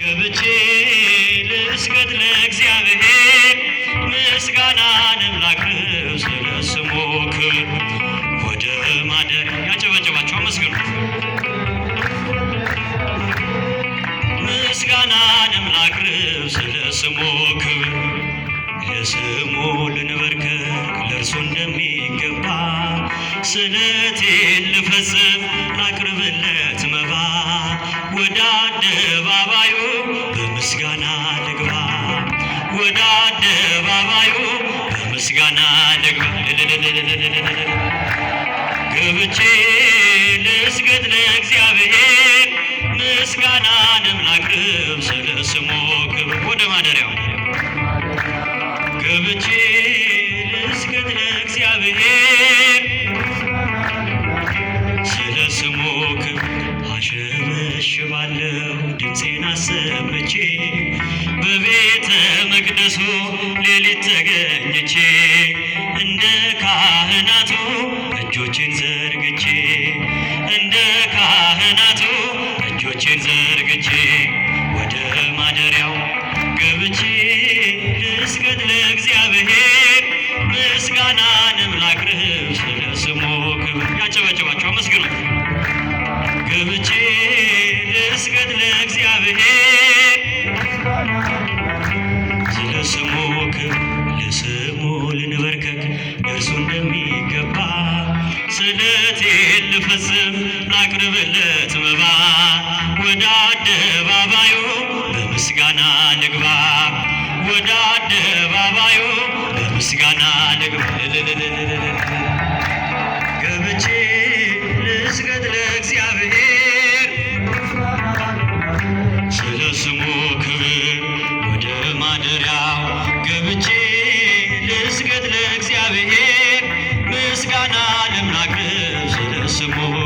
ገብቼ ልስገድ ለእግዚአብሔር ምስጋናንም ላቅርብ ክብር ወደ ማደር ያጨበጨባቸው አመስግኑት። ምስጋናንም ላቅርብ ስለስሙ ክብር ለስሙ ልንበርከክ ለእርሱ እንደሚገባ ስለቴን ልፈጽም አደባባዩ በምስጋና ልግባ፣ ወደ አደባባዩ በምስጋና ልግባ። ገብቼ ልስገድ ለእግዚአብሔር ምስጋናንም ላቅርብ ስለ ስሙ ክብር። ወደ ማደሪያው ገብቼ ልስገድ ለእግዚአብሔር ባለው ድምፄን አሰምቼ በቤተ መቅደሱ ሌሊት ተገኝቼ እንደ ካህናቱ እጆቼን ዘርግቼ እንደ ካህናቱ እጆቼን ዘርግቼ ወደ ማደሪያው ገብቼ ልስገድ ለእግዚአብሔር ምስጋናንም ላቅርብ ስለ ስሙ ክብር ያጨበጨባቸው አመስግኑ ገብቼ እንስገድ ለእግዚአብሔር ስለ ስሙ ክብር ለስሙ ልንበርከክ እርሱ እንደሚገባ ስለቴ ልፈጽም ላቅርብለት መባ ወደ አደባባዩ በምስጋና ንግባ ወደ አደባባዩ በምስጋና ንግባ ክብር ምስጋና ስሙ